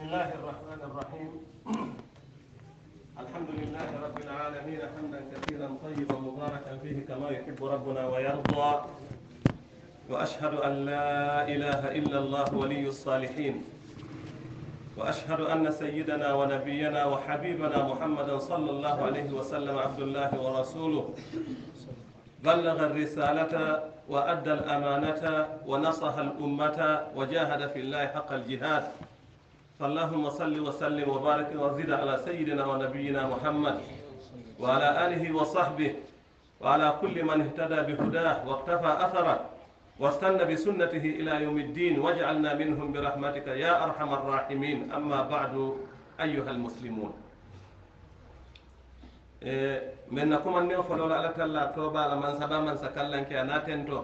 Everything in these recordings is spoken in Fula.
بسم الله الرحمن الرحيم الحمد لله رب العالمين حمدا كثيرا طيبا مباركا فيه كما يحب ربنا ويرضى وأشهد أن لا إله إلا الله ولي الصالحين وأشهد أن سيدنا ونبينا وحبيبنا محمدا صلى الله عليه وسلم عبد الله ورسوله بلغ الرسالة وأدى الأمانة ونصح الأمة وجاهد في الله حق الجهاد فاللهم صل وسلم وبارك وزد على سيدنا ونبينا محمد وعلى آله وصحبه وعلى كل من اهتدى بهداه واقتفى أثره واستنى بسنته إلى يوم الدين واجعلنا منهم برحمتك يا أرحم الراحمين أما بعد أيها المسلمون إيه، من نقوم أن نفعل على تلا توبة لمن سبا من سكلا كي أناتنتو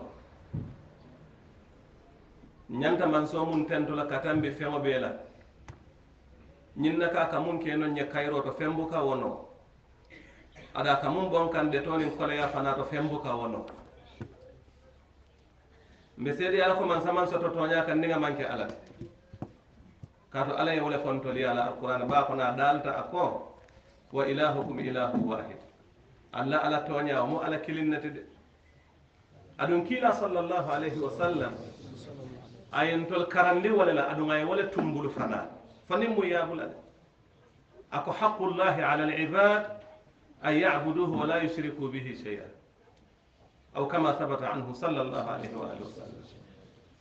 نانتا من سومون تنتو لكتن بفهم بيلا ñiŋ na ka ka muŋ ke noŋ ñe kayiroo to feŋ buka wo noo ada ka muŋ boŋ kaŋ de tooniŋ koleya fanaa to feŋ buka wo noo mbe seedi ala ko maŋ samaŋ soto tooñaa kaŋ niŋa maŋ ke ala ti kaatu ala ye wo le fontoli ala alqur'ana baa kono a daalta a ko wa ilahukum ilahu wahid alla ala tooñaa wo mu ala kilin ne de aduŋ kiila sallallahu alayhi wa sallam karandi wo la aduŋ a ye tumbulu fanaa fanimmo yaabulade ako haqullahi ala al ibad an yabuduhu wa la yushriku bihi sheya aw kama thabata anhu sall llahu alayhi wa alihi wasallam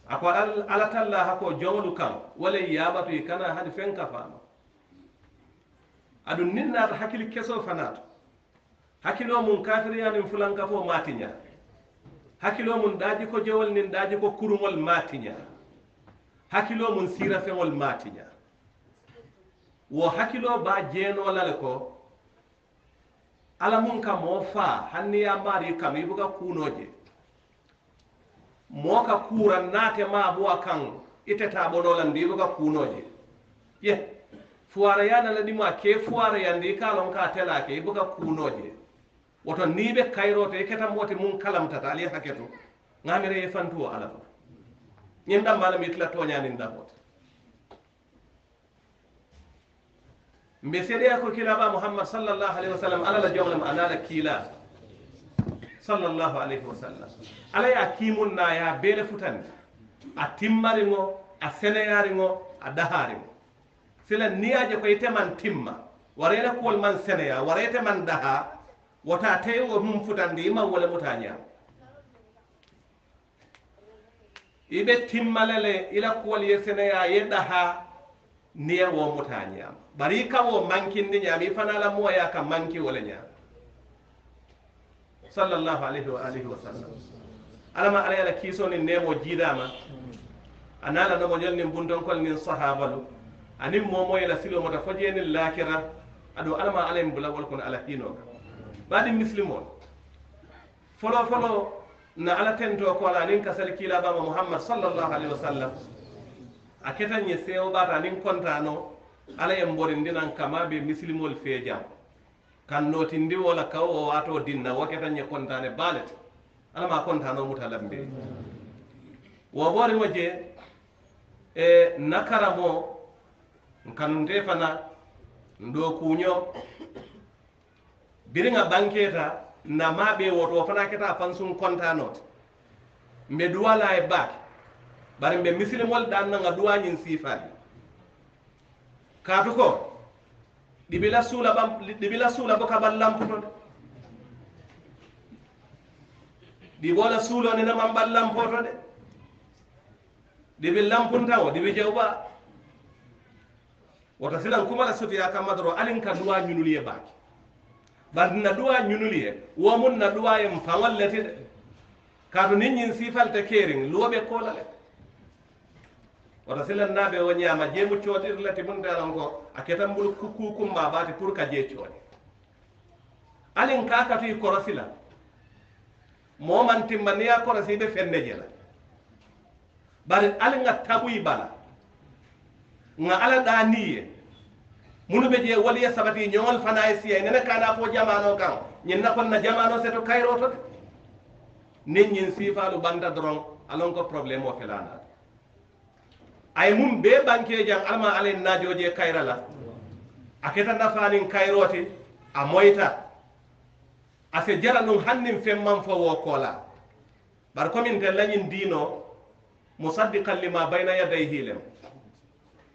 ako al alatalla hako jomolu kam wala yaɓatoy kana hade fenka fama aɗum ninnata hakkille keso fanato hakkilo mum kafiriyanin fulanka fo matiña hakkilo mum ɗaji ko jewol nin ɗaji ko kurugol matiña hakkilo mum sira feŋol matiña wo hakkiloo baa jeenoo la le ko ala mun ka moo faa hanni ye maari kam i buka kuunoo je moo ka kuura naate maa buwa kaŋ ite taa bonoo landi i buka kuunoo je ye fuwaarayaana la ɗimaa kee fuwaarayandi i ka lon ka telaa ke i buka kuunoo je woto niŋ i be kayiroo to i keta moo ti muŋ kalamtata ali ye hake to ŋaamire ye fantuwo ala to ñiŋ dambaa lemu i tila tooñaaniŋ dafoo mbe seeɗe a ko kilaɓa mouhammad sallllahu alayhi wa sallam alala joglam anala kiila sallllahu alayhi wa sallam alay a kimunnaya beele futani a timmarigo a seneyarigo a daharigo sila niyaje koye teman timma warayla kuwol man seneya waraye teman daha wata tewo mum futandi ima wole muta ñam iɓe timmalele ila kuwol ye seneya ye daha niyer wo muta ñaama bari i kawo mankindi ñaama i fana la moya ka manki wo le ñaama sallallahu alayhi wa alihi wa sallam alama ala yala kiisonin nemo jiidama a nala nomoñol nin buntonkol nin sahabalu anin momoyela silo mota fo jeenin lakira aɗo alama alayin bulawol kono ala hinoga ɓaɗi muslimo folo folo na ala tento kola anin kasal kiilabama muhammad sallallahu alayhi wa sallam a keta ñe sewo ɓata aniŋ kontano ala ye mborindinan kama be misilimol fee jam kan notindi wo la kawo wo dinna wo keta ñe kontane baalete ala ma kontano muta lambe wo ɓorimo je e nakaramo kanunte fana ndo kuño biriŋa banketa na maɓe woto fana keta fansun kontanote mbe duwala e baake bari ɓe misilimol ɗannaga duwañin siifaali kaatu ko ɗiɓila suula ɓam ɗiɓila suula bo kaɓal lampotode ɗiɓola suulonenaman ɓal lampoto de ɗiɓi lampuntan o ɗiɓi jewɓa woto silan kumala sofiya kammadoro alin ka duwa ñunul ye baake bardina duwa ñunul ye womun na duwa yen fawallete de kaatu nin ñin siifalte keerin luwoɓe koolale oto silannaɓe o ñaama jeemu cootir lati mun daran ko a ketan mbol kukukumma baati pour ka jee cooni alin kakatuyi korosi la momantimma niya korosi ɓe fenne je la bari alinga taguyi bala nga ala ɗa niye munu ɓe jee waliya sabati ñowol fana e siyay nene kana fo jamano kan ñinna konna jamano seto kayroto de nin ñin sifalu banda doron alon ko probléme o felanat ay mum be bankejang alma alen najoje kayrala a keta nafanin kayrote a moyta ase jara ɗum hannin femman fowo koola bar komin ten lañin dino musaddikan lima bayna yadday hiilem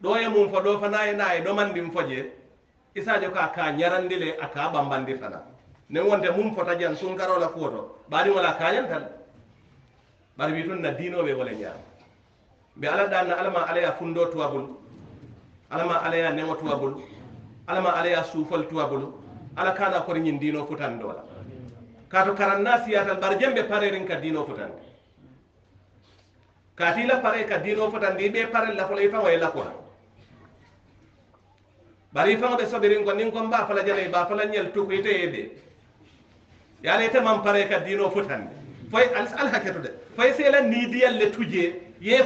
ɗo e mum fo ɗo fana e na e ɗomandin foje isajo ko aka ñarandi le aka ɓambandi fana nen wonte mum fota jan sunkarola fuoto ɓaɗi wala kañantan bar wi tun na dinoɓe wole ñaam be ala dalla alama alaya fundo tuwabolu alama alaya neŋo tuwabolu alama alaya suufol tuwabolu ala kana kori ñiŋ diino futando la kaatu karanna siyatal bari jeŋ be parerin ka diino futandi kaati la pare ka diino futandi i be parel la fola i faŋo ye lakura bari i faŋo be sobirin ko niŋ ko mbaa fala jalai baa fala ñel tuku ite ye de ye ala ite maŋ pare ka diino futandi foy alhaketo de foy sela nidiyal le tujee ye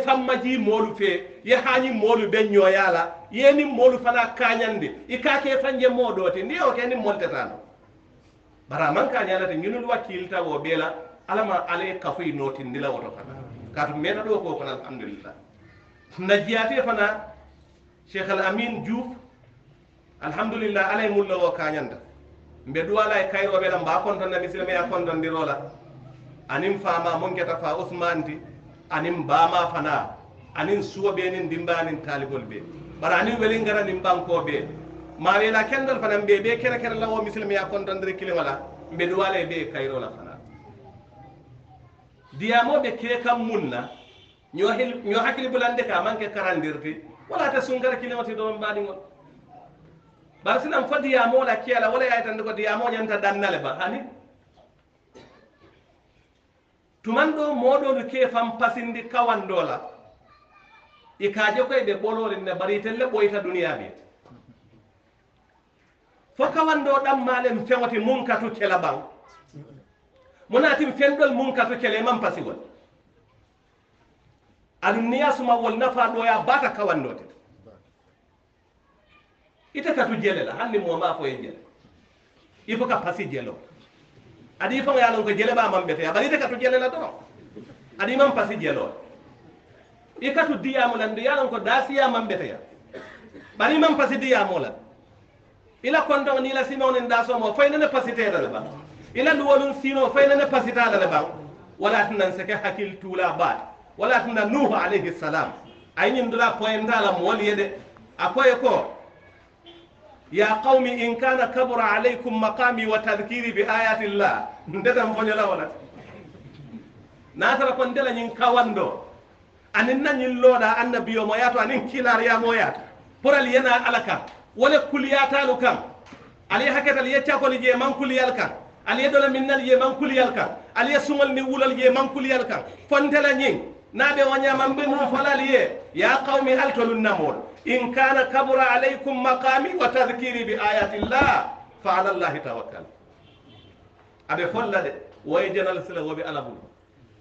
ji moolu fe ye haañi moolu be ñooyaala ye ni moolu fana kaañandi i ka ke fanje moo doote niŋ yewo ke niŋ moolu bara man maŋ kaañaala te ñunulu wakiilita wo bee la ala ma alla ye kafoyi nootindi la woto fana kaatu meena ɗoo ko fana alhamdulillah na jiyaatee fana cheikh al amin diouf alhamdulillah ala ye la wo mbe duwa e ye kayiroo be la mbaa kontonna misilima ye a kontondiroo la aniŋ faamaa moŋ keta fa usmaan ti anin bama fana anin suwo be nin dimba anin talibol be bara anin welingara nin banko be mawela kendol fana be bee kere kere lawo misilmiya kontondiri kiliŋola mbe duwala be kayiro la fana diyamo be kee kam mun na ño hakkili bulande ka manke karandirti wala te sunkara kiliŋo ti doron baadiŋol bari sinan fo diyamo la kiyala wala yayitandi ko diyaamoo ñanta danna le ba hani tuman ɗo moɗonu kefan pasindi kawandola i kaje koye ɓe ɓolorin ne baritelle ɓoyta duniya ɓe fo kawando ɗam malen fewti munkatu kela ɓan munatin fenɗol munkatu kele man pasigol aɗum niya sumawol nafa ɗoya baka kawandote ita katu jelela hanni mo ma fo e jele i foka pasi jelo adi faŋo ye a loŋ ko jele baa maŋ beteya bari ite katu jele la doroŋ adi maŋ pasi jeloo i katu diyaamu la nde ye a loŋ ko daasiyaa maŋ beteya bari i maŋ pasi diyaamoo la i la kontoŋo niŋ i la simeŋo niŋ daasoomoo fo i ne ne pasitee la le baŋ i la luwoluŋ siinoo fo i ne ne pasitaa la le baŋ walla ati na nseke hakkil tuulaa baat walla ati na nuhu alayhi salam a ye ñiŋ dulaa poyintaa la moolu ye de a ko ye koo يا قوم إن كان كبر عليكم مقامي وتذكيري بآيات الله ندم فنجلا ولا ناترا كندلا نين كواندو أننا نين لودا أن بيومياتو أنين كيلار يا مويات برال ينا ألكا ولا كلياتا لكم علي هكذا ليتشاكو لجي من كليالكا علي يدولا من اليمن كليالكا علي يسمى النولى اليمن كليالكا فندلا نين naɓe oñaman ɓe mum folali ye ya qawmi hal tolunnamol in kana kabura aleykum maqami wa tadkiri bi ayatillah fa ala llahi tawakkal aɓe folla de woye jenal sila woɓe ala bum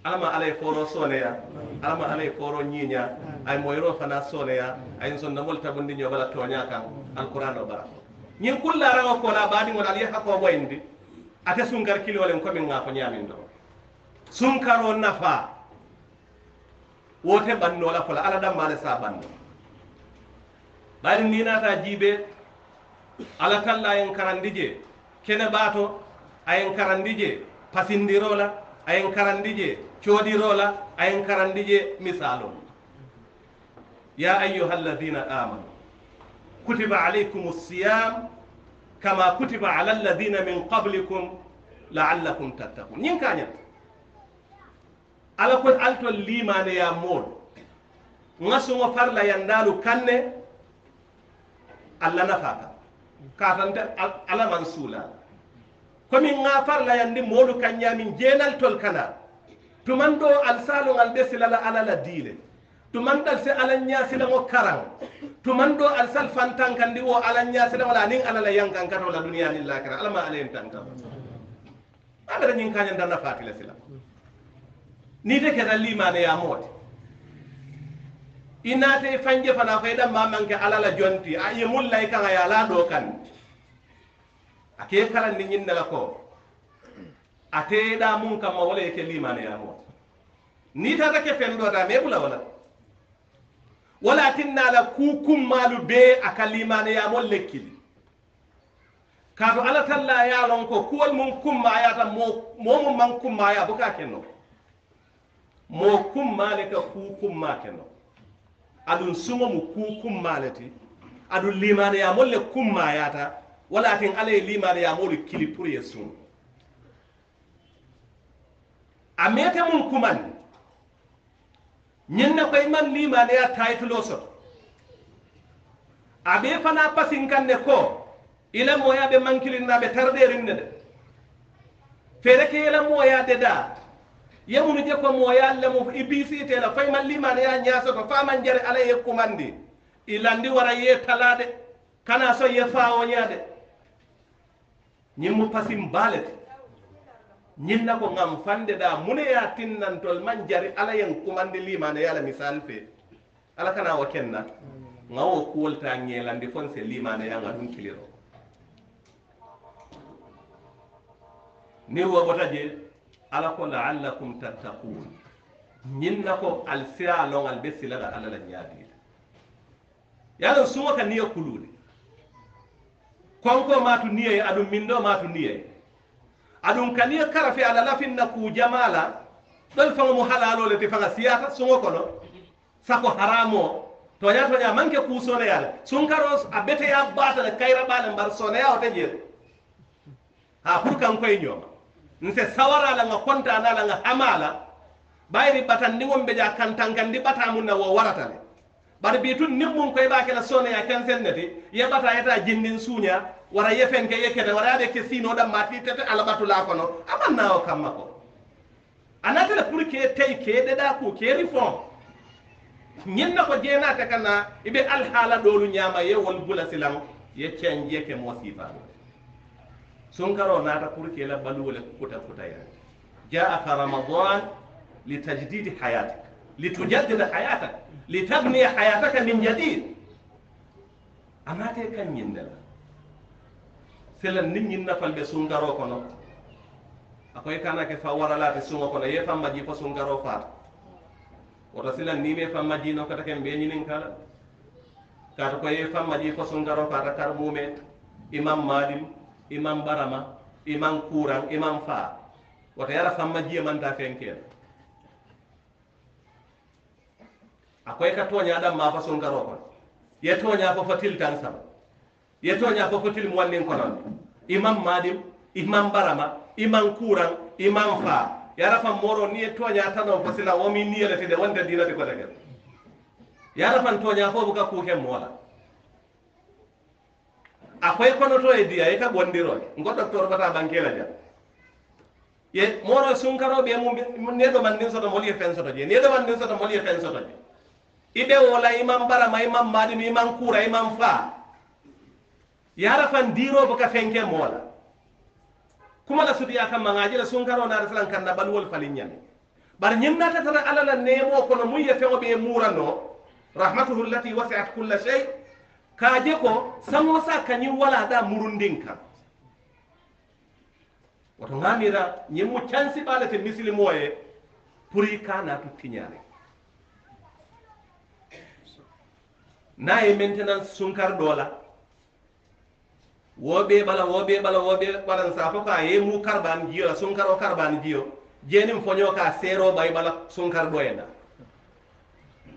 alama alay foro soneya alama alay foro ñiña ay moyro fana soneya ayin son namol tabundiño bala toña kan alqouran o ɓara fo ñin kullarao kola baɗigon al yaha koɓoyndi ate sunkar kilolen komin gako ñamin ɗo sunkaro nafa wote banno la fola ala dam mala sa banno bari ni nata jibe ala talla en karandije kene bato ayen karandije pasindirola ayen karandije codirola ayen karandije misalo ya ayyuha alladhina amanu kutiba alaykum siyam kama kutiba ala alladhina min qablikum la'allakum tattaqun nyin kanyata ala kon altol limaneya mool ŋasuŋo farla yandalu kanne allah nafa ka katante ala man suula komi ŋa farla yandi moolu kanñamin jenal tol kana tuman do alsalo ŋal be silala ala la diile tuman dal si ala ñasilaŋo karaŋ tuman do alsal fantankandi wo ala ñasilaŋola aniŋ ala la yankankatola duniya nin lakira alama alayen tanka ala reñin kañandanna fatila silaŋ ni te ke tallimane yamoote inaate fanje fana koye ɗam mamanke alala jonti a yemullay kaga yala ɗo kan a ke kalandi ñinndaga ko a teeɗa mum kamma wala ye ke limane yamoote ni tata ke fenɗota me ɓula wala wala tinnala ku kummalu be aka limane yamol lekkili kaato ala talla yalon ko kuwol mum kumma yata mo mo mum man kumma ya bo ka kennoo mo kummale ka ku kummake no aɗum sumomu ku kummaleti aɗum limade yamolle kummayata wala tin alaye limade yamolu kili pour ye sum a mete mum kumandi ñinne koye man limadeya taytulo sot aɓe fana pasinkande ko ila moya ɓe mankilinnaɓe tardérinne de feere ke yela moya deda yamunu mi je ko mo yallemu ibisi tela fay man liman ya nyaaso ko faman jare ala ye kumandi ilandi wara ye talade kana so ye fawo nyaade ñimmu pasim baalete ñinna ko ngam fande da mune ya tinnantol man jari ala yen kumandi limane la misal fe ala kana wo kenna ngawo kuwolta ñelandi fon se limane yanga ɗum kiliro ni wo botaje ala ko laallakum tattakun ñinna ko al sira lon al be silaga alla la ñaadiila yaalo suma ka niya kuluude konko maatu niyaye aɗum min ɗo maatu niyaye aɗum ka niya karafe ala lafinna ku jamala ɗol faŋo mo halalole te faŋa siyata suŋo kono sako haramo toña toña manke ku soneyala sunkaro a beteya batale kayra ɓale mbar soneya o te jeer ha pour kankoye ñooma nse la nga kontanala nga hamala bayri batandiŋol be je a kantangandi na wo warata le bari biitun ni mun koy i be a ya la ne ti ye bata yeta jindin suuña wara ye ke ye kete wara ye ke sino da mati tete alabatula kono a maŋ kamma ko a naata le pour ke tey ke dedaa ku ke rifoŋ ñiŋ na ko jeena ka kana i be alhaala doolu ñaama ye wol bula ye ceŋ ye ke moo sunkaro naata pour que la wala kuta kutayade jaaka ramadan li litajdidi hayatik tujaddid hayatak li tabni hayataka min jadid amate kan ñinde la selan nit ñi nafal ɓe sunkaro kono kana kanake fa waralaate suŋo kono ye famma ji fo sunkaro faata woto silan ni me famma jino kata ken ɓe ñinin kala ko koye famma ji fo sunkaro ta kar me imam malim imam barama imam kuran imam fa wata faa yara famma jiya man feŋ keela a ko i ka tooñaa ɗaŋ maa fasoŋ karoo ye tonya fo fatil tan saba ye tonya fo fatil muwanniŋ konondi imam madim imam barama imam kuran imam fa faa yara fan moro ni ye tan tanoŋ fo o wo ni niŋ ye de wonte diina de ko le yara fan tooñaa fo buka ku ke moo a koy konoto e diya yeka gondiroy ngo docteur bata bankela jan ye moro sunkaro be mu ne do man din soto mol ye fen soto je ne do man din soto mol ye fen soto je ibe wala imam bara mai imam madi mi imam kura imam fa yara fan diro bo ka fenke mola kuma la sudiya kam manga je la sunkaro na rasulan kan na bal wol falinya ne bar nyimna ta tara alala ne mo kono mu ye fe o be murano rahmatuhu allati wasi'at kull shay' kaje ko sango sa kañin wala da murundin ka wato ŋamira ñiŋ mu cansi ɓaale te misilimo moye pour i ka naatu tiñaale na e maintenance sunkar ɗo la wo ɓe ɓala wo ɓe ɓala wo sa fo ko e ye mu karban jiyo la sunkar o karbani jiyo jenim fonyo ka seero bay bala sunkar ɗo ye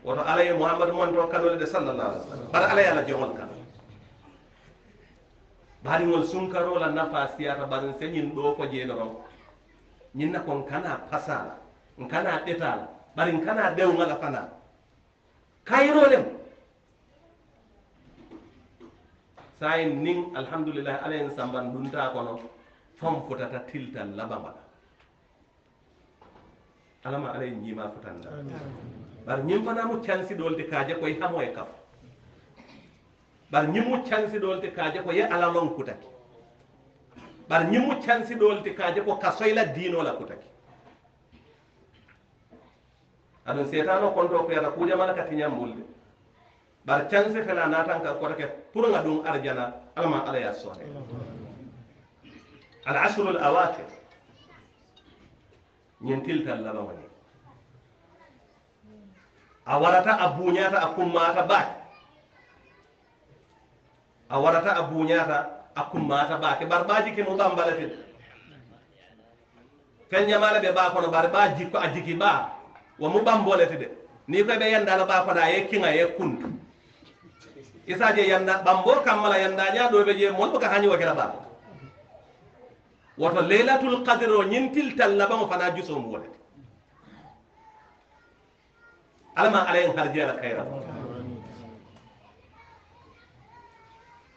woto alaye mouhamadou monto kanole de sallallah alih sallam bara alaye allah jogon kan baringol sunkarola nafa siyata barin señin ɗo ko jeenoron ñinna kon kana pasala kana ɗetala barin kana ɗewgala fana kayirolem sayin nin alhamdoulillah alayen samban ɗunta kono fon futata tiltan labamala alama alay ñima futanda bar ñim fana muccansiɗolte kaje koye hamoye kaf bar ñim muccansiɗolte kaje koye alalon kutaki bar ñim muccansiɗolte kaje ko kasoyla diinola kutaki aɗum setano konto feeta kujamala katiñam mulde bar cansi fela natan ka kotake pour ga ɗum arjana alama ala ya sore al asrul awakir ñin tiltallabawoni a warata a buñata a kummata baake a warata a buñata a kummata baake bar ɓa jikki nu ɓambaletin ken ñamale ɓe ɓakono bar ɓa jikko a jiki ɓa wa mu ɓamboleti de ni koy ɓe yandala ɓakoɗa ye kiŋa ye kundu isa je yanda ɓambo kammala yanda ñaɗoɓe je molɓo ka hañi wokira ɓako woto laylatul kadre o ñintiltal naɓamo fana jusomu wolete alama alayhi harjiala kayra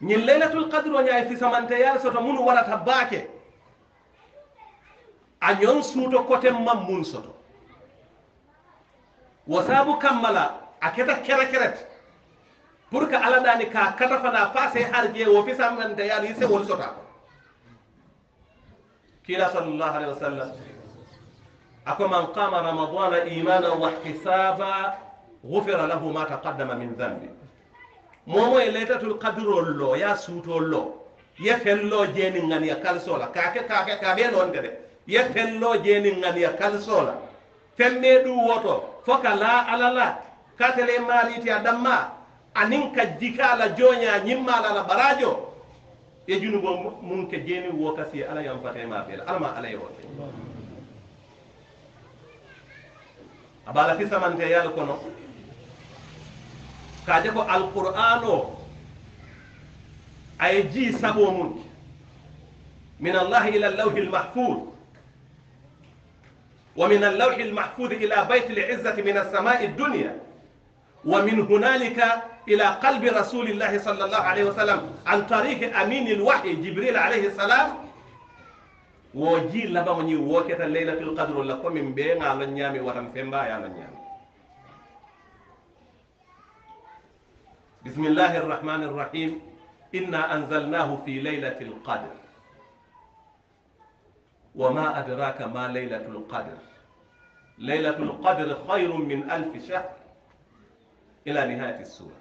ñin laylatul qadre o ñaay fisamante yal soto mun warata baake a ñon suuto cote mam mun soto wasaabu kammala a keta kere keret pour que aladani ka katafana face harjie wo fisamante yal yi sewol sota kila sallallahu alayhi wa sallam akwa man qama ramadana imanan wahtisaba gufira lahu ma taqaddama min dhambi momo e leytatul kadirol lo ya suutol lo ye fello jeeni ŋaniya kalsola kake kake ka kaɓe londe e de ye fello jeeni ŋaniya kalsola femme ɗu woto foka la alala katele maaliti a damma anin ka jikala la joña ñimmala la barajo ye junugo mun ke jeeni wo kasi ala yan fatema fela alama ala ye wote aba la fisamanteyal kono kaje ko alqur'an o aye jii saɓo mum min allahi ila ومن اللوح المحفوظ إلى بيت العزة من السماء الدنيا ومن هنالك إلى قلب رسول الله صلى الله عليه وسلم عن طريق أمين الوحي جبريل عليه السلام wo ji labaŋo ñiŋ wo keta laylatul kadro la komin bee ŋa loŋ ñaami watan femba ye a loŋ ñaami bismillahi arrahmani arrahim inna anzalnahu fi laylati lqadr wama adraka ma laylatu lqadr laylatu lqadr khayru min alfi shahr ila nihayati sura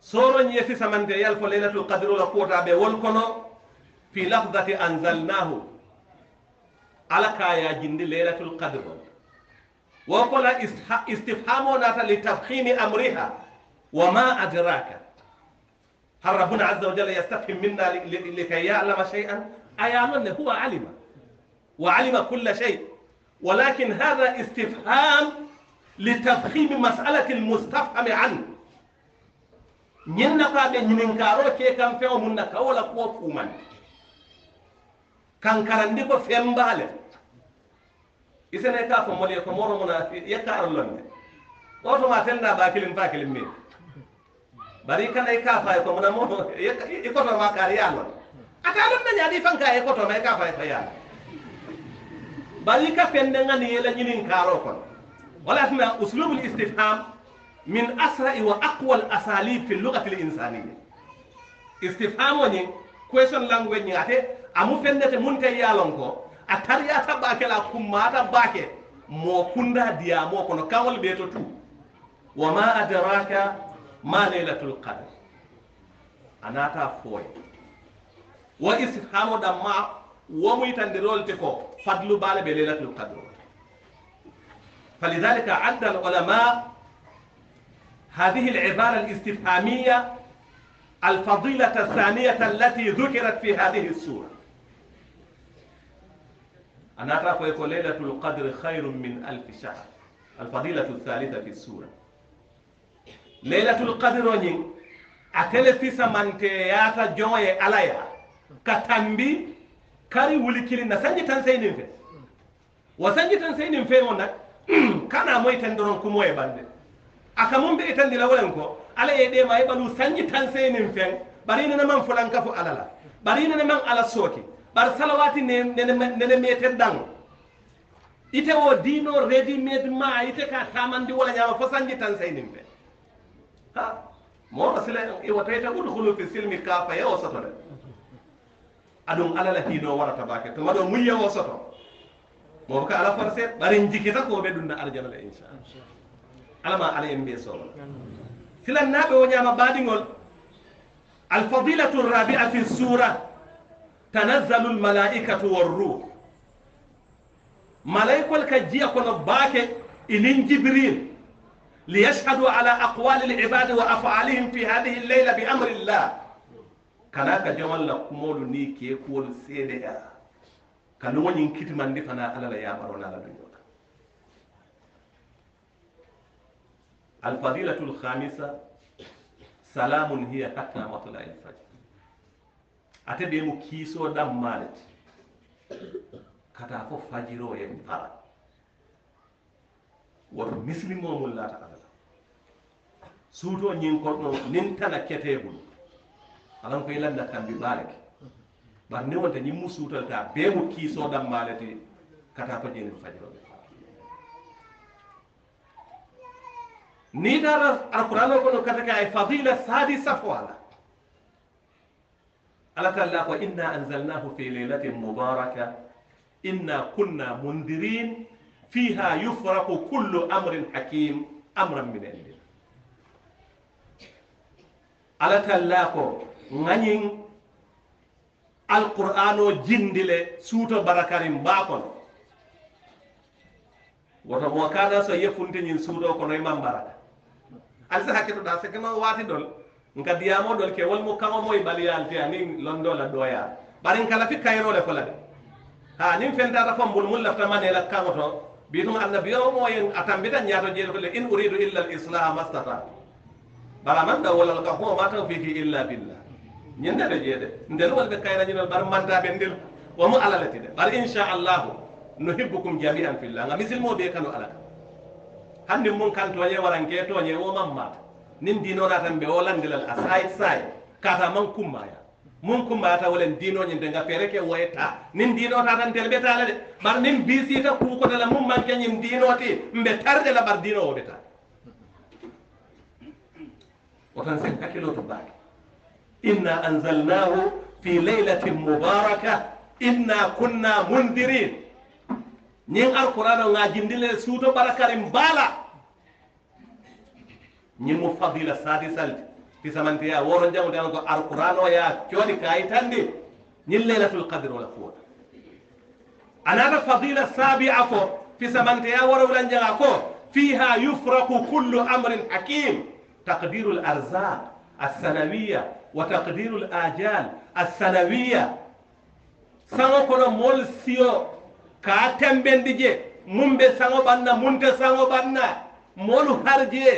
soro ñeesi samante yal ko laylatul kadro la kuwota ɓe wol kono في لحظة أنزلناه على كايا جند ليلة القدر وقل استفهامنا لتفخيم أمرها وما أدراك هل ربنا عز وجل يستفهم منا لكي يعلم شيئا أيامن هو علم وعلم كل شيء ولكن هذا استفهام لتفخيم مسألة المستفهم عنه ñin na ka ɓe ñinin kaaro ke kam kankarandi ko fembaale isene ka fo molye ko moro muna yettarollonde otoma tenda ba kilim fa kilim min bari kanay ka fay e ko muna mo ikotoma kar e yalon ata lon na nyaadi fanka e koto me ka fay e fayal bari ka fende ngani yela nyini karo kon wala fina uslubul istifham min asra'i wa aqwal asalib fi lughati al insaniyya istifham woni question language ngate amu fennete mun kay yalon ko a ta bake la kummata bake mo kunda dia mo kono kawal ɓe to tu wa ma adraka ma lailatul qadr anata foy wa ishamo ɗam ma womuytandirolte ko fadlu baale be lailatul qadr فلذلك عد العلماء هذه العبارة الاستفهامية الفضيلة الثانية التي ذكرت في هذه السورة anata koye ko laylatul qadre hayrum min alfi shahr alfadilatu thalitha fi sura laylatul qadre o ñing atele fisamante yata joŋoye alaya ka tambi kari wuli kilinna sanji tan seynin fe wa sanji tan seynin fe o nak kana moy ten doron kumo e bande aka mum be itandi la wolen ko ala e dema e balu sanji tan seynin fen bari nana man fulan kafo alala bari nana man ala soki ɓar salawati ne nene meten ɗang ite o dino redi made ma ite ka tamandi wala ñama fosangi tan saynin ɓe ha moo sila iwatoyte udhulu fi silmi kafa ye o soto de aɗum ala la tino wara tabake to waɗo muyye o soto moo ka ala forcé ɓarin jikita ko ɓe ɗumna aljana la inchallah alama ala en mbiye soo silannaɓe o ñama baɗigol alfadilatu rabia fi sura تنزل الملائكة والروح ملائكة الكجية jiya kono baake جبريل ليشهدوا على أقوال العباد وأفعالهم في هذه الليلة بأمر الله كناك جمال لكمول نيكي كول سيدها كانوا ينكت من دفنا على لا يامرون على الفضيلة الخامسة سلام هي حتى مطلع الفجر ate ɓe mo kiiso ɗam maleti kata fo fajiro yen fara woto muslim o mullata alala suuto ñinkonɗo nin tala keteɓul alan koye lanna kambi ɓaleke bar ni wonta ñimmu suutalta ɓe mo kiiso ɗam maleti kata fo jenin fajiro ni dara alqouranoko no kataka e fadila sadi safo ala ala tan laa ko inna anzalnahu fi lailatin mubaraka inna kunna mundirin fiha yufraku kullu amrin hakim amran min indina ala tan laa ko ŋañin alqur'ano jindi le suuto barakarin mbaakon woto mo kana so yefunte ñin suuto kono iman baraka alsa hakketo ɗa segeno waati dol nka diyamodol ke wolmo kaŋo moy baliyalte aniŋ londo la doya bari nka lafi kayiro le fo la de ha niŋ fentata fo mbulmun laftamanela kaŋo to bituŋ annabiyomoye atambita ñato jeeto le in uridu illa lislah mastata bara man da wolal ka huwa mata fihi illa billah ñinde de jeede ndel wol ɓe kayrañinol bar manta ɓe ndel womo alalati de bar inchallahu no hibbukum jami'an fillah nga misilmo ɓe kano alaka hannin mun kantoñe waranke toñe womam mata nin dinona tan ɓe o landilal a saye saye kata man kummaya mun kummaya ta wolen dinoñi de nga feere ke woyta nin dinota tan tel ɓetala de mar nin bisita kukotala mum mankeñim dinoti mɓe tarde la ɓar dinowo ɓeta otan sen hakkiloto baake inna anzalnahu fi leylatin mubaraka inna kunna mundirin ñin alqouranoga jindile suuto ɓara karim baala نمو فضيلة سادسة في زمن تيا ورجع ودانا كو القرآن ويا كوني كاي تاندي نيل ليلة القدر ولا قوة أنا فضيلة سابعة كو في زمن تيا ورجع كو فيها يفرق كل أمر حكيم تقدير الأرزاق السنوية وتقدير الآجال السنوية سانو كنا مول سيو كاتم بندجي مومبي سانو بانا مونتا سانو بانا مول هرجي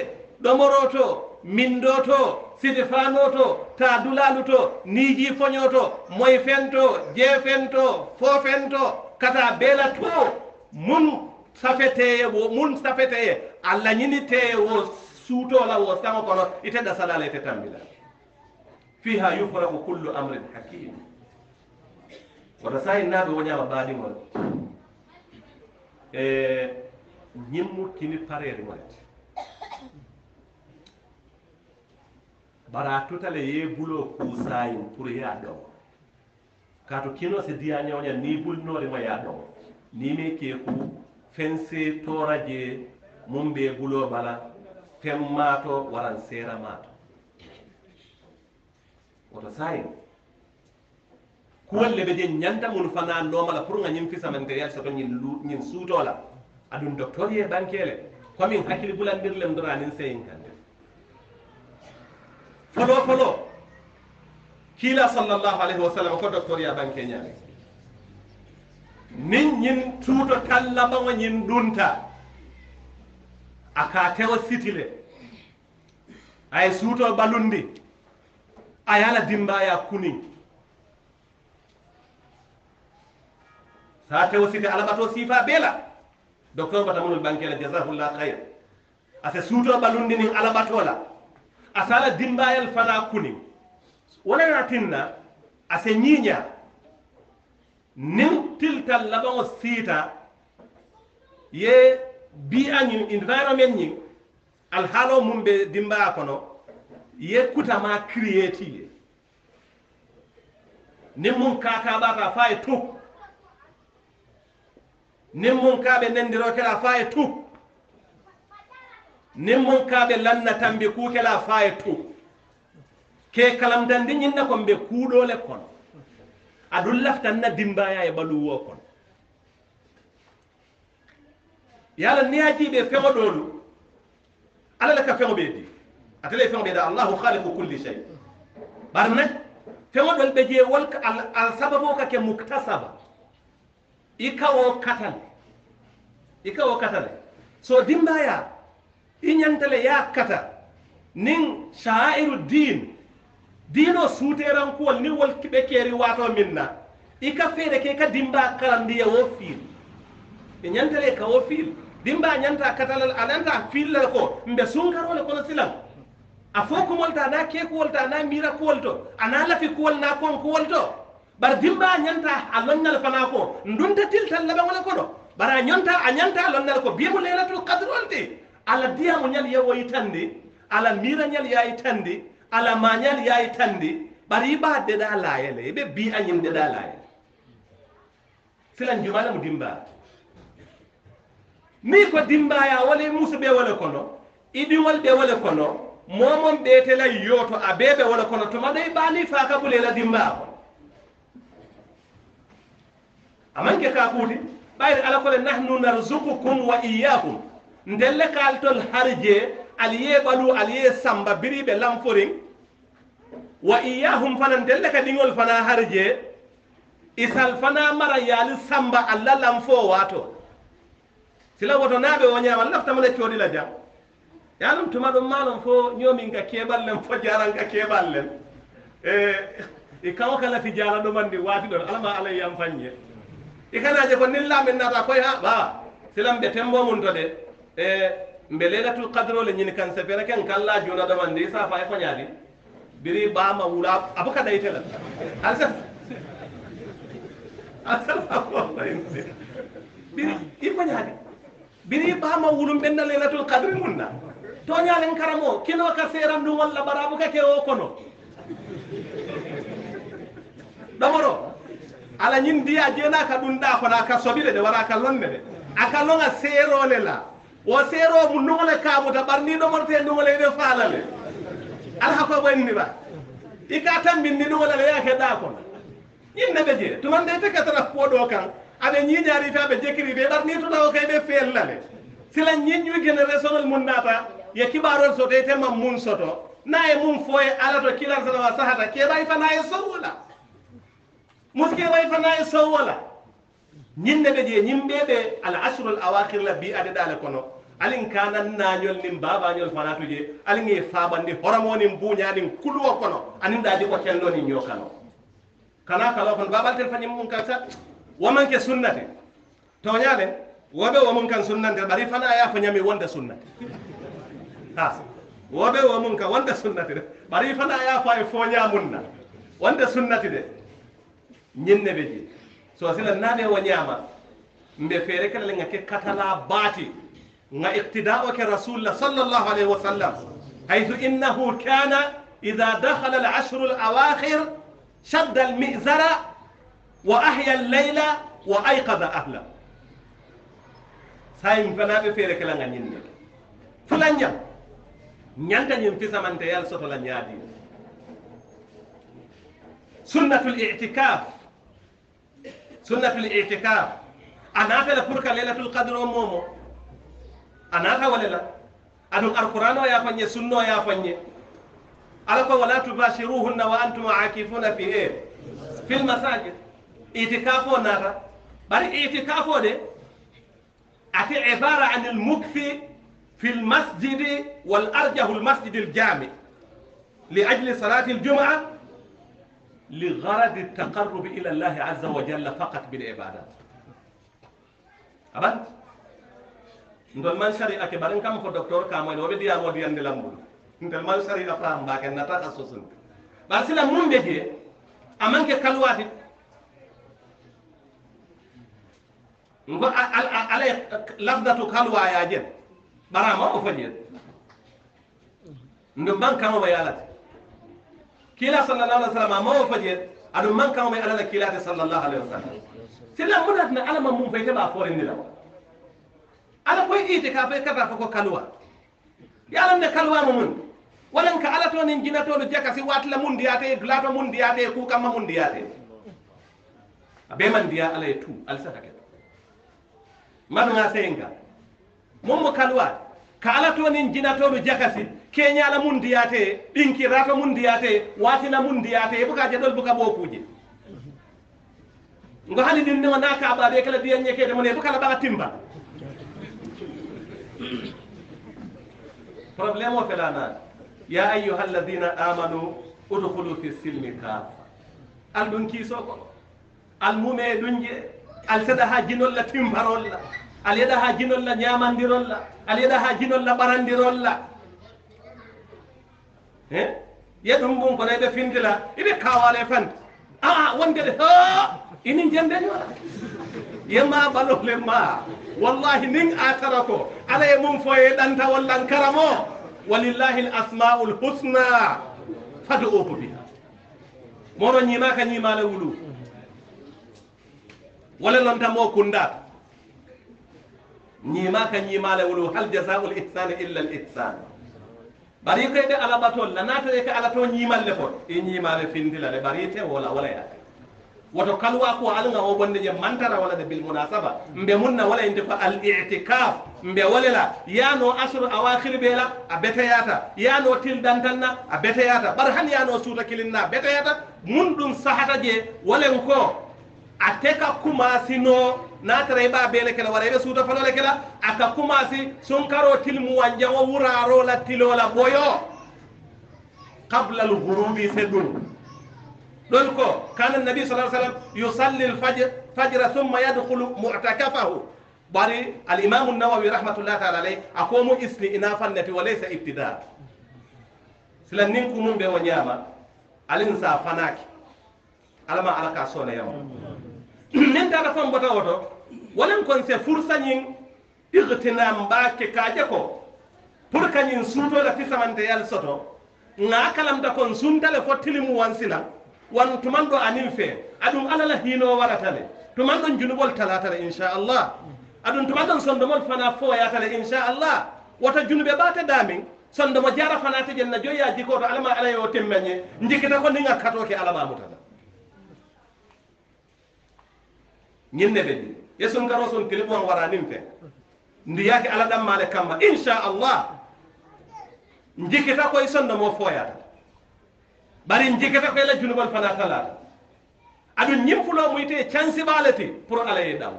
ɗomoro to mindo to sidifano to to niiji foñoto to moye fen to jeefen to fofen to kata bela to mun safeteye wo mun safeteye lañini teye wo suutola wo sango kono ite salala ite tambila fiha yufraku kullu amrin hakim wata sayin naɓe woñama baɗimol e eh, ñimmu timi pareri molete bara totale ye bulo kuusayin pour ye a ɗomo kaatu kino si diya nya ni bulnoorima ye ya do ni me ke ku fense tora je mum be bulo bala fen maato waran sera mato woto sayin kuwol lebe je ñanta mun fana noomala pour nga ñiŋ fisamantériyal soto lu nyin suutoo la adun docteur ye bankele commin hakkili bulan lem dora nin seyin kan folo folo kiila sallallahu alayhi wa sallam ko ya banke ñaami nin ñin tuuto kallabaŋo ñin dunta a ka tewo sitile a ye suuto balundi a ye dimbaya kuniŋ sa tewo siti ala siifa sifa bela docteur batamunul banke la jasahullah asa ase suuto balundi niŋ alabatoo la asala dimbayal fana kunin wonanatinna ase ñiiña nin tiltal labaŋo siita ye bi añin environment ñin alhaalo mum be dimbaya kono ye kutama kriyeti ye nin mum kakaɓata faye tu nin mum kaɓe nendiro kela faye tuu nin mun kaɓe lanna tan ɓe kuukela faye to ke kalamdandi ñinna kon ɓe kuuɗole kono aɗum laftanna dimbaya e ɓaluwo kono yala niyajiɓe feŋo ɗolu ala la ka feŋo ɓe di atele feŋo ɓe da allahu haliku culli chey ɓarna feŋo ɗol ɓe je wol al sababo ka ke muktasaba i kawo katale i kawo katale so dimbaya iñantele yakkata nin sha'iru din dino suuterankuwol ni wol kiɓe keeri wato min na i ka feere ke ka dimba karandiya wo fiil ɓe ñantele ka wo fiil dimba ñanta katalal ananta fiillal ko mbe sunkarole kono silam a fo kumolta na ke kuwolta na mira kuwol to ana lafi kuwol na kon kuwol to bara dimba ñanta a lonnal fana ko ndunta tiltal laɓegole koɗo bara ñonta a ñanta lonnal ko biyemo leylatul kadrol de ala diyamu ñal yewoyi tandi ala miraial yayi tandi ala mañal yayi tandi bari i ɓa deɗa layele i ɓe bi añin deɗa layele silan jumala mu dimba ni ko dimbaya wala musu ɓe wala kono iɗiwol ɓe wala kono momon ɓetelay yoto a ɓeɓe wala kono tuma ɗo i ɓani faka ɓulela dimbako amanke ka ɓuuti ɓayde ala kole nahnu narzukukum wa iyakum ndelle kaal tol har je al ye ɓalu al ye samba biriɓe lamforin wa iyahum fana ndelle ka ɗiŋol fana har je isal fana mara yaali samba allah lamfo wato sila woto naɓe o ñama laftamale coodi la jam yanum tuma ɗum malum fo ñomin ka keɓal len fo jaran ka keɓal len e eh, i kawo kala ti jara ɗumanndi waati ɗon alama alah yam fanñe i kanaje ko nillamin nata koy ha ɓa silam ɓe tembo mum to de E, mbe lelatul kadre ole ñini kan sefere ken kalla juna damandi sa fay foñadi biri ɓama wula a buka ɗaytela asa asalaoaye biri i foñadi biri ɓama wulum ɓen na lelatul kadre mum na toñalen karamo kino ka seram ɗum walla ɓara buka ke o kono ɗomoro ala ñin diya jeena ka ɗum ɗa kono aka soɓile de wara ka lonne de aka longa seerole la wo seeromu nugle kamuta ɓar ni ɗomorte nugleyde falale alha ko e wanni ɓa ika tambinni nugolale ya heɗa kon yinne ɓe jee tuman de tekatata koɗo kan aɓe ñiñari fe aɓe jekkiri ɓe ɓar ni tutawo kay ɓe fellale sila ñiñuygene resonol mum nata ye kiɓarol soto yte mam mum soto naye mum foye ala to kilar sanawa sahata keɓay fanaye sowwola muskeɓay fanaye sowwola ñin ne ɓe je ñin ɓe ɓe al asrul awakir la bi ade ɗale kono alin kanan nañol nin babañol fanatu je alin ye fabandi horomonin buñanin kuluwo kono anin daji ko kello nin ñokano kana kala kon babal tel fañim mum kan sa womanke sunnate toñalen woɓe womum kan sunnante ɓari fana ya fo ñami wonda sunnate ha woɓe womum kan wonda sunnate de ɓari fana ya fo e foñamunna wonda sunnate de ñinne ɓe je so sila naɓe wo ñaama mbe feere kala le ŋa ke katala baati ŋa iktida'o ke rasulullah sallallahu alayhi wa sallam haythu innahu kana ida dakhala al ashru al awakhir shadda al mi'zara wa ahya al layla wa ayqada ahla sayin fanaɓe feere kala ŋa ñinne fulan ñam ñanta ñin fisamante yal soto la ñaadi sunnatul i'tikaf سنة في الاعتكاف أنا أتى لفرك ليلة القدر ومومو أنا أتى ولا لا أدو القرآن ويا فني سنة ويا فني ألك ولا تباشروهن وأنتم عاكفون في إيه في المساجد اعتكاف نارا بل اعتكاف دي إيه؟ أتي عبارة عن المكفي في المسجد والأرجه المسجد الجامع لأجل صلاة الجمعة لغرض التقرب إلى الله عز وجل فقط بالعبادات أبد ndol man shari ake barin kam ko docteur ka moy wobe diyar wodi yande lambul ndol man shari da fam ba ken nata khasosun ba sila mum be je aman ke kalwati ngo al al lafdatu kalwa ya je bara ma o faje ndo ban kan wa yalati kila sallallahu alah w sallam a mawo fadiyen aɗum mankamomay alala kilate sallallahu alahi wa sallam silla munatna alama mum fay teɓa forendira wa ala koy ite ka fay kata fo ko kalwa ye alam ne kalwama mun walan ka ala tonin jinatolo jaka si watla mun ndiyate lato mun ndiyate kukamma mun ndiyate a ɓe man ndiya alaye tu alsatake maɗoga seyinga mummo kalwa ka ala tonin jinatolo jakasi kenya la mun diyate dinki rafa mun diyate wati la mun diyate buka jadol buka bo kuje ngo hali din no naka ba be kala diyan nyeke de mone buka la baga timba problème o felana ya ayyuhal alladhina amanu udkhulu fi silmi kafa al dunki soko al mume dunje al seda ha jinol la timbarol la al yada ha jinol la nyamandirol la al yada ha jinol la barandirol la ye ɗum mbum kono eɓe findila iɓe kawale fan a a wonde ɗe ini jendeñoa yema ɓalole ma wallahi nin a tara ko alaye mum foye ɗanta wallan karamo walillahi l asmaul husna fadu uhu biha moro ñimaka ñimale wulu wala noon tan mo kundat ñimaka ñimale wulu hal jasaul ihsane illa l ihsane bari ite ɓe alabatol nanata eke ala to ñimalle fot i ñimaɓe findila le bari ite wola wala yaake woto kalwa ko alga o bonde je mantara wala de bilmunasaba mbe munna wala inde ko al itikaf mbe walela yano asre awa xirɓela a beteyata yano tildantal na a beteyata bar han yano suuta kilinna a beteyata mun ɗum sahata je wolen ko a teka kumasino na tara iba bele kala wala ibe suta falo kala aka kumasi sun karo tilmu wanja wa wuraro la tilola boyo qabla al-ghurubi sedun dol ko kana nabi sallallahu alaihi wasallam yusalli al-fajr fajra thumma yadkhulu mu'takafahu bari al-imam an-nawawi rahmatullahi ta'ala alayhi akomu isni inafan nati walaysa ibtida silannin kunun be wanyama alin sa fanaki alama alaka sona yawa nen taga sombota woto wonen kon se fursa ñin ihtinam ɓaake kaaje ko pour que ñin suutoga tisamante yal soto ga kalamta kon suntale fo tilimu wansina wan tuman ɗo anin fe aɗum ala la hino waratale tuman ɗon junubol talatale inchallah aɗum tuman ɗon sondomol fana foyatale inchallah woto junube ɓaate damin sondomo jara fanate jenna joyi a jikoto alama alayo timmeñe jikkita ko ndi ga katoke alamamutata ñin ne ɓe ye sun karo sun kilibon waranin fe ndi yaki ala ɗammale kamma inchallah jikita koye sondomo foyata bari jikita koye la junubal fana talata aɗum ñin fulo muyte cansiɓaleti pour ala ye ɗaw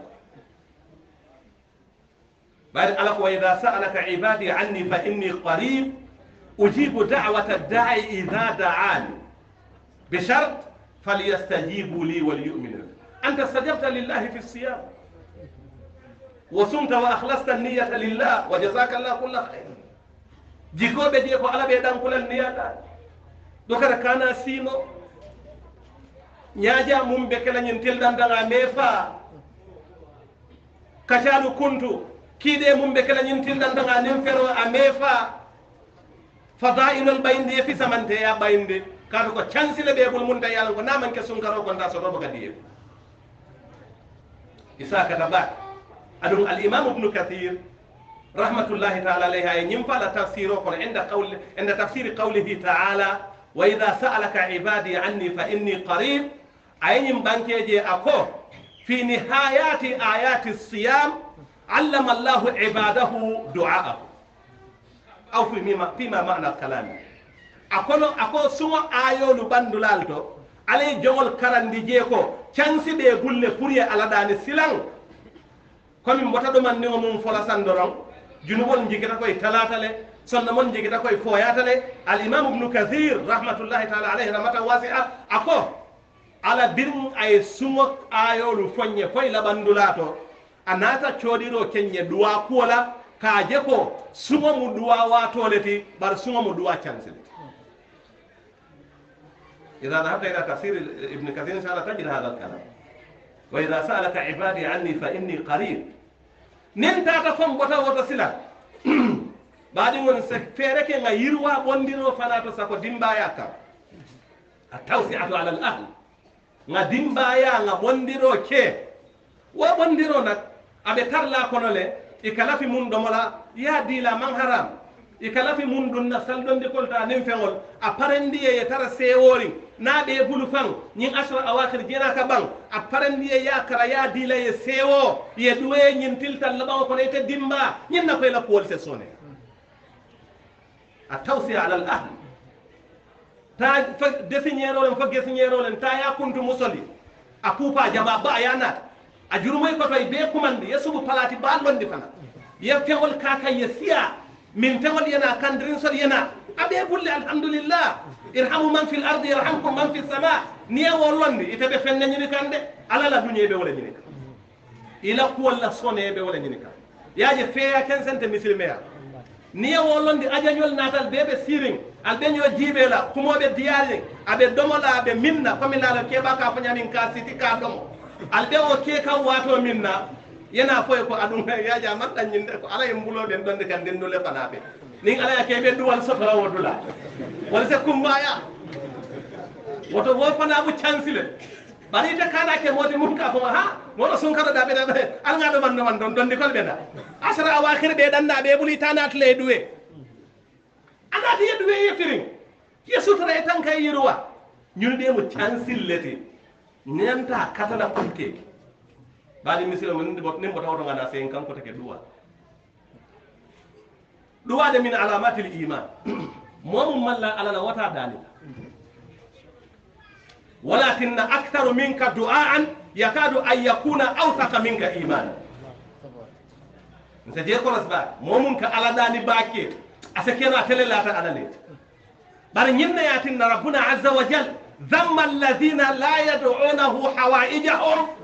bari ala ko wa ida sa'alaka ibadi anni fa inni qarib ujibu da'wata da'i idha da'ani bi shart falyastajibu li walyuminu أنت استجبت لله في الصيام وصمت وأخلصت النية لله وجزاك الله كل خير جيكو بديكو على بيدان كل النية دوكرا كانا سينو نياجا مم بكلا ينتل دان دان ميفا كشالو كنتو كيدي مم بكلا ينتل دان دان نمفرو أميفا فضائن البين دي في سمنتي يا بين دي كارو كو تشانسي لبيبول منتا يالو نامن كسون كارو كنتا سوتو بكديب إساك دباك أدو الإمام ابن كثير رحمة الله تعالى عليها ينفع لتفسيره عند قول عند تفسير قوله تعالى وإذا سألك عبادي عني فإني قريب أين بانكي أكو في نهاية آيات الصيام علم الله عباده دعاءه أو في فيما معنى الكلام أكو أكو سوى آيو لبندلالتو alay jogol karandi jee ko cansiɓe gulle pourye aladani silan komin mbota ɗuman ni o mum folasando ron junubol jigita koye talata le sonna mon jigita koye foyata le alimamu ubnu kahir rahmatullahi taala alayhi rahmata wasi a ako ala birn aye sumo ayolu foñe koye laɓandulato a nata coɗiro keñe duwa kuola kaje ko sumo mu duwa watole ti ɓar sumo mu duwa cansile إذا ذهبت إلى تفسير ابن كثير إن شاء الله تجد هذا الكلام وإذا سألك عبادي عني فإني قريب ننتا تفهم بطا وتسلا بعد من سفيرك يروى بندر فلا تسكو دمبايا التوسعة على الأهل nga dimbaya nga bondiro ke wa bondiro nak abe tarla kono le ikalafi mun domola ya dila man i kala fi mun ɗum na salɗonde kolta nin feŋol a parendiyey tara seewori naɓe bulu faŋ ñin asra awakir jenaka ɓaŋ a parendiye ya kara ya dilaye seewo ye ɗuwoye ñin tiltal laɓaŋo kono ite dimba ñin na koye la kuwol se sone a tawsi ala l ahl ta fo desiñerolen fo gesiñerolen ta ya kuntu musoli a kuupa jaba ba a ya naata a jurumoy kotoye ɓe kumandi ye suɓu palati ba londi fana ye feŋol kakaye siya من تقول ينا كان درنسل ينا أبي أقول لي الحمد لله ارحموا من في الأرض يرحمكم من في السماء نيا والله إذا فنن ينكان دي على لا دنيا بولا جنيك إلى قوة لا صنع بولا جنيك يا جي فيا كان سنت مثل ميا نيا والله دي أجا يول ناتال بيب سيرين ألبين yo jibe la كم be diyale أبي domo la abe minna fami la ke ba ka fanya min ka siti ka domo albe yana foye ko aɗum yaaja mattañinde ko alaye mbuloɗen ɗonde kan ndendule fanaɓe nin alaya keɓe duwal sotora wodula wala se kumbaya woto wo fanaɓu cansile ɓarite kaɗake woode mum ka koma ha woɗo sunkaroɗa ɓeɗa algaɗo mandoman ɗon donde kol ɓena asara awakir ɓe ɗanna ɓe ɓuuri tanatle e ɗuwe anati ye ɗuwe yettirin ye sutora e tan kay yiruwa ñunɗemo cansillete nanta katala kumteke baali misilo men nin mbo tawtogana seen kanko take ɗuwa ɗuwade min alamati l iman momum malla alana wata daalila walakinna aktaru minka du'aan yakadu an yakuna ausaka minka imana mise jeekolos baa momum ka aladani bakke ase keno a tele lata alale bar ñinnayatinna rabbuna azza wa jal zamma alladina la yadunahu hawaijahum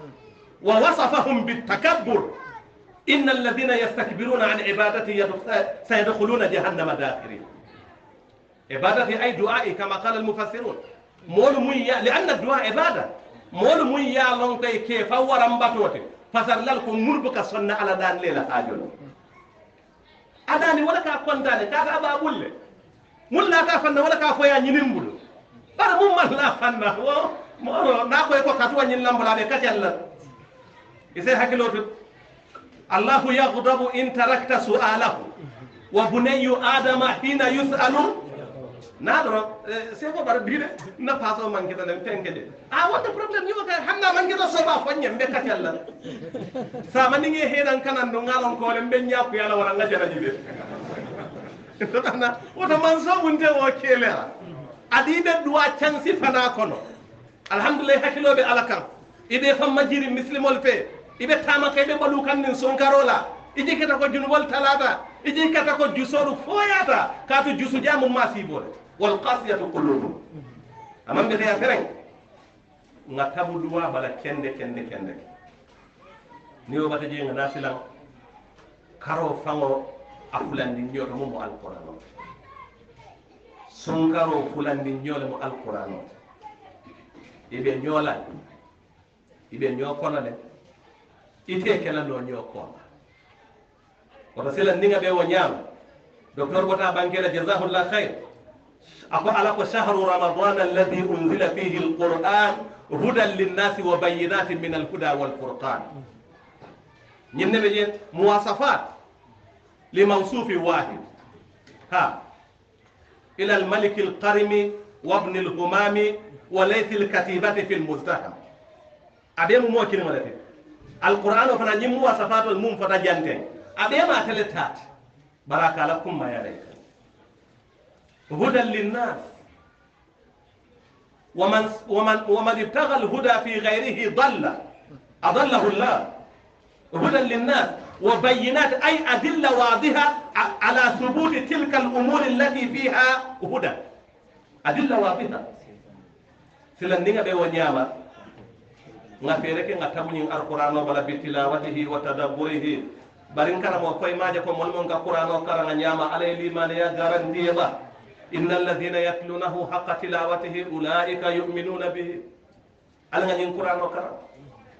ووصفهم بالتكبر إن الذين يستكبرون عن عبادتي سيدخلون جهنم داخرين عبادتي أي دعاء كما قال المفسرون مول مي لأن الدعاء عبادة مول ميا لون كي كيف ورم باتوتي فسر لكم مربك صنع على دان ليلة حاجون أداني ولا كأكون داني كذا أبا أقول لك mulla ta fanna wala ka foya nyinin مو bara لا man ما هو ما هو na ko ko katwa nyin e sen hakkilotot allahu yahdabu in tarakta sualahu wa buneyu adama hina yusalu naɗoro e, sei fo ɓaɗa mbiɓe na passo manqueɗale tenke ɗe a wonde probléme yo kay hamna manqueɗo soma foññen ɓe katellal sa maniŋe heɗan kanan ɗo ngalonkole ɓe ñakkuyala wona ngajanaji ɓe toana woto mansomunte o keelea aɗi ɓe ɗuwa cansi fana kono alhamdoulillah hakkiloɓe ala kan iɓe fam majiri muslimol fee iɓettama kayɓe mbaɗu kan nin sonkarola ijikkata ko junubol talata ijikkata ko jusoru foyata kato jusu jamum masibole wal kasiyatu kulluhum aman mbiteya feren ga tabu duwa bala kende kende kende ni o wata jeyi gana silan karo fango a fulandi ñoto mumo alquran o sonkaro fulandi ñole mo alquran o iɓe ñoolan iɓe ñokono le ite kela no nyo kona oto sila ninga be wo doktor docteur bota bankela jazahullah khair ako ala ko shahru ramadan alladi unzila fihi alquran hudan linnasi wa bayinatin min alhuda walfurqan ñin ne ɓe muwasafat li mawsufi wahid ha ila almaliki alkarimi wabni alhumami wa laythi alkatibati fi lmustaham aɓe mu mo kilimalate القران فنا ñiŋ وصفات wasafatol muŋ fota janteŋ a bee maa tele taati bara ka a ومن ومن ومن ابتغى الهدى في غيره ضل أضله الله هدى للناس وبينات أي أدلة واضحة على ثبوت تلك الأمور التي فيها هدى أدلة واضحة سلندين بيوانياما nga feere ke nga tamuñin alqur'ano bala bitilawatihi tilawatihi wa tadabburihi barin karamo koye maaje ko nga quran o qur'ano nga ñaama alay limaneya garandiyeɓa inna alladina yatlunahu haqa tilawatihi ulaika yuminuna bihi ala nga ñin qur'ano karan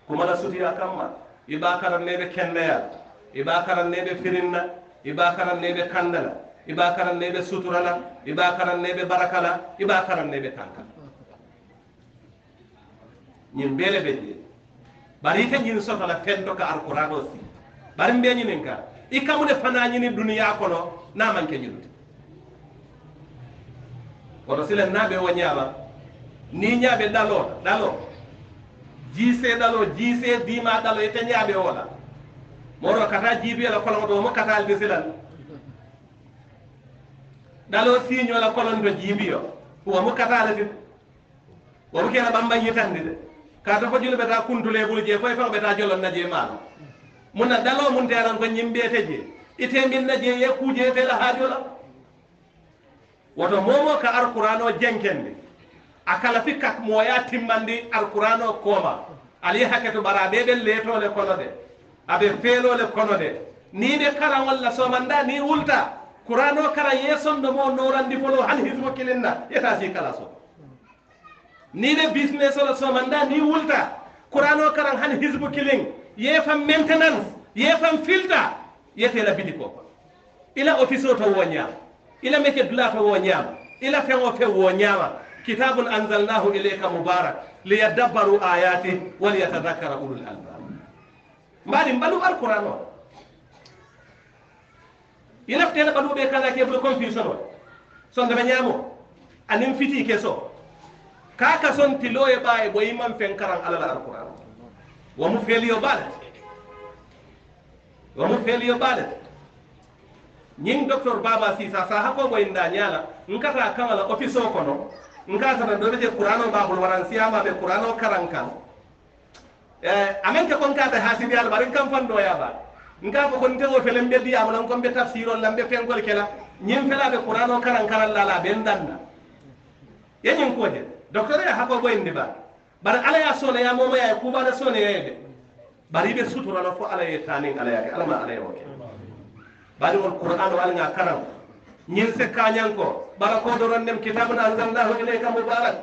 kumala sutiya kamma iɓa karan neɓe kenneya iɓa karan neɓe firinna iɓa karan neɓe kandala iɓa karan neɓe suturala iɓa karan neɓe barakala iɓa karan neɓe tankala ñin bele be ñin bari ite ñin sotala fendo ka alquran aussi bari mbe ñinin ka i kamune fana ñini duniya kono na manke ñinuti kono sile nabe wo ñaala ni ñaabe dalo dalo jiise dalo jiise diima dalo ite ñaabe wola moro kata jiibiyela kolonto omo kata lisilan dalo siñola kolonto jiibiyo womo kata lasit womo kena bambañitandi de ka tafa jule ɓeta kuntuleɓol jee foye fao ɓeta jolon najee maano muna dalo mun teran ko ñim ɓeete jee itemin najee ye kujee fela ha jola woto momo ka arqurano jenkenndi a kala fi kat moya timmandi arqurano kooma aliy haketo ɓara ɓe ɓen leetole kono de aɓe feelole kono de ni ɓe karan walla somanda ni wulta qurano kara yesonndo mo norandi folo han hismo kilinna yeta si kala so ni de business la so manda ni wulta qur'ano karan han hizbu killing ye fam maintenance ye fam filter ye te la bidiko ila office to wonyama ila meke dula to wonyama ila fe fe wonyama kitabun anzalnahu ilayka mubarak liyadabbaru ayati wa liyatadhakkara ulul albab mbali mbalu alquran o ilaftena ɓaɗuɓe kala kebro confusion o so ndeɓe ñaamo anin fiti keso so ka kasonti looye ɓaye bo e yiman fen karan alal alquran womu felyo balet womu felyo balet ñing docteur baba sisa sa hako ɓoyin da ñala nkata kamala office o kono nkatana ɗo ɓeje qouran o babol waran siyamaɓe qouran o karan kan e, amen ke kon kata hasidi al barin kam fan doyaba nka ko kon tewo felen ɓe diyamolan kon ɓe tafsirol lan ɓe fengol kela ñin felaɓe qouran o karan karan lala ɓen danna yeñing ko jen docteur ya hako boyin ni ba bar ala ya sone ya momo ya e ku ba da sone ya de bar ibe sutura no fo ala ya tanin ala ya ala ma ala ya oke bar wal qur'an wal nga karam nyin se kanyan ko bar ko do ron dem kitab na anzalallahu ilayka mubarak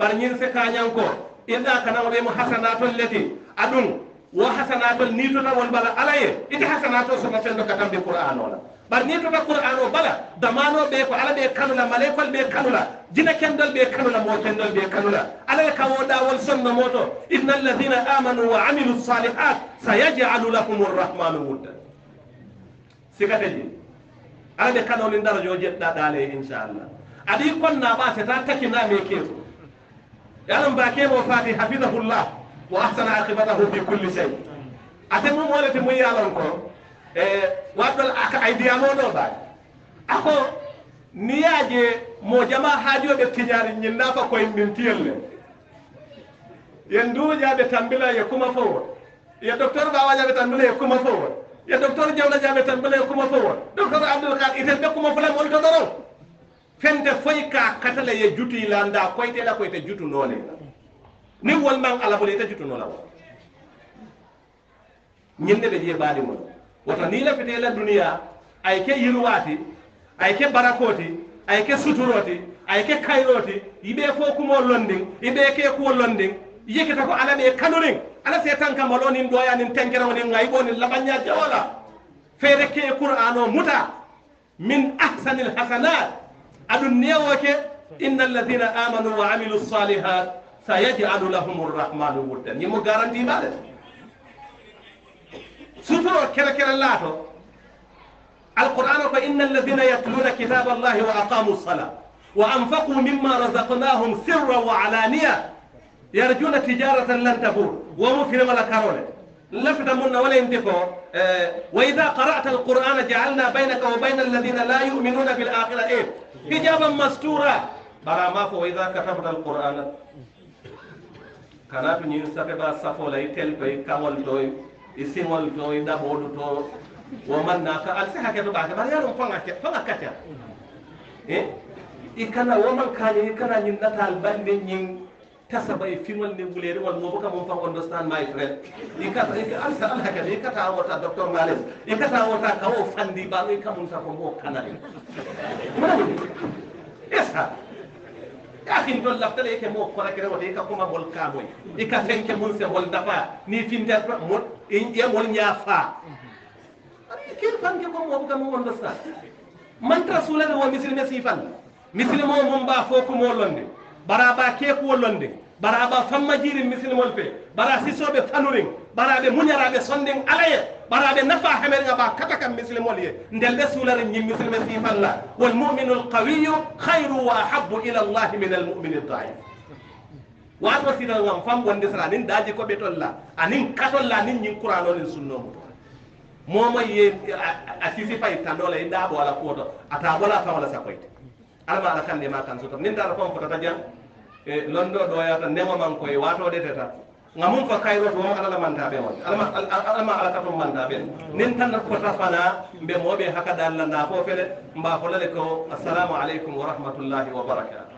bar nyin se kanyan ko inda kana wa mu hasanatul lati adun wa hasanatul nitu tawon bar ala ya ita hasanatul sunna fendo katam bi qur'an wala bari ni toka qur'ano bala damano be ko ala be kanula malaikol be kanula jina kendal be kanula mo kendol be kanula ala ka woda wal sunna moto innal ladina amanu wa amilus salihat sayaj'alu lahumur rahmanu wudda sikateji ala be kanolin joje da dale inshallah adi kon na ba se ta takina me keso yalan ba ke mo fati hafizahullah wa ahsana aqibatahu fi kulli shay atemu mo le te mo yalan ko e eh, waɗɗol aka aydiyam oɗo mbaɗe ako niyaje mo jama hajoɓe tiñare ñinnafa koye min tiyelle yen duuƴaɓe tambila ye kuma fo won ye docteur bawajaɓe tambila ye kuma fo won ye docteur diawlajaɓe tambila ye kuma fo won docteur abdoulkar iten ɓe kuma fula molto ɗoro fende foy ka katale ye jutuylanda koytela koyte jutu noone ni wolman alabol yete jutu noola wo ñinde ɓe jeeɓaɗi mon woto ni lefete la duniya ay ke yirwaati ay ke barakooti ay ke suturooti ay ke kayrooti yiɓee fo kumo londin yiɓee ke kuwo londin yikkita ko alaɓe kanurin ala se tan kamol o nin ɗoya nin tenkerao nin ngayi ɓoo nin laɓanña jawola feere ke qouran o muta min ahsanil hasanat aɗum newoke inna alladina amanu wa amilu lsalihat sayajalu lahum rrahmanu wurdan yimo garantimaɗe سوتو كلا كلا لا القرآن فإن الذين يتلون كتاب الله وأقاموا الصلاة وأنفقوا مما رزقناهم سرا وعلانية يرجون تجارة لن تبور وهم في نملة كارولة من ولا آه، وإذا قرأت القرآن جعلنا بينك وبين الذين لا يؤمنون بالآخرة إيه حجابا مستورا برا ما فو إذا كتبنا القرآن كنا ينسى بها الصفو لا يتلقى كامل دوي i siŋol to i ɗaɓolu to wo man naka al saha ke ɗoɓake ɓar yarum fogake fogakatea e i kana woman kaño i kana ñin ɗatal banɗe ñin tasa ba e fiŋol ne wuleri on mo boka mom fa understand my friend i kata alsa ala kene i kata wota docteur malis i kata wota kawo fandi ba i kamum sa ko mo kanari mani esa kakin ɗon laftale eke mo korake rewata ka koma mol kamoy ika senke mum se hol dafa ni findetma mo ƴemol ñafa ari kel fanke ko moɓo kam wondosta mantra suulare wo misilme sifan misilme o mum mba fo ko molonde baraba keekuwo londe baraba famma jiirin misilmol fe bara sisoɓe fanurin bara ɓe muñaraɓe sonden alaye bara ɓe nafa hemer ga ba kata kam muslimol ye ndel ɓe suulare ñin muslime fifalla walmuminu alqawiyu hayru wa ahabu ila llahi min almumini daif wato sinalgam fam wonde sara anin daji koɓe tolla anin katolla anin ñin kuranonin sunnomo momoy ye a sisi fay tandola e ɗaɓo ala koto ata ɓola fawla sakoyte alama ala kande ma kan sotom nin dara fam fotata jang londoɗoyata ndema man koye watode teta ngamun fa kayro to ala la manda be won ala ala ma ala ka to manda be nin tan ko ta fana be mo be haka dal la na ko fele mba ko le ko assalamu alaikum wa rahmatullahi wa barakatuh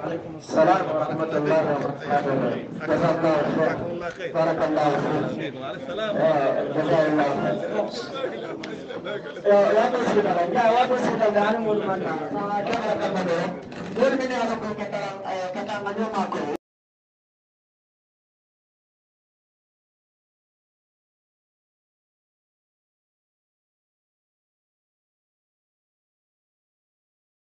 عليكم السلام ورحمة الله وبركاته جزاك الله خير بارك الله فيك جزاك الله خير يا مسجد يا مسجد العلم والمنع كما كما دول من يعرفوا كتاب كتاب اليوم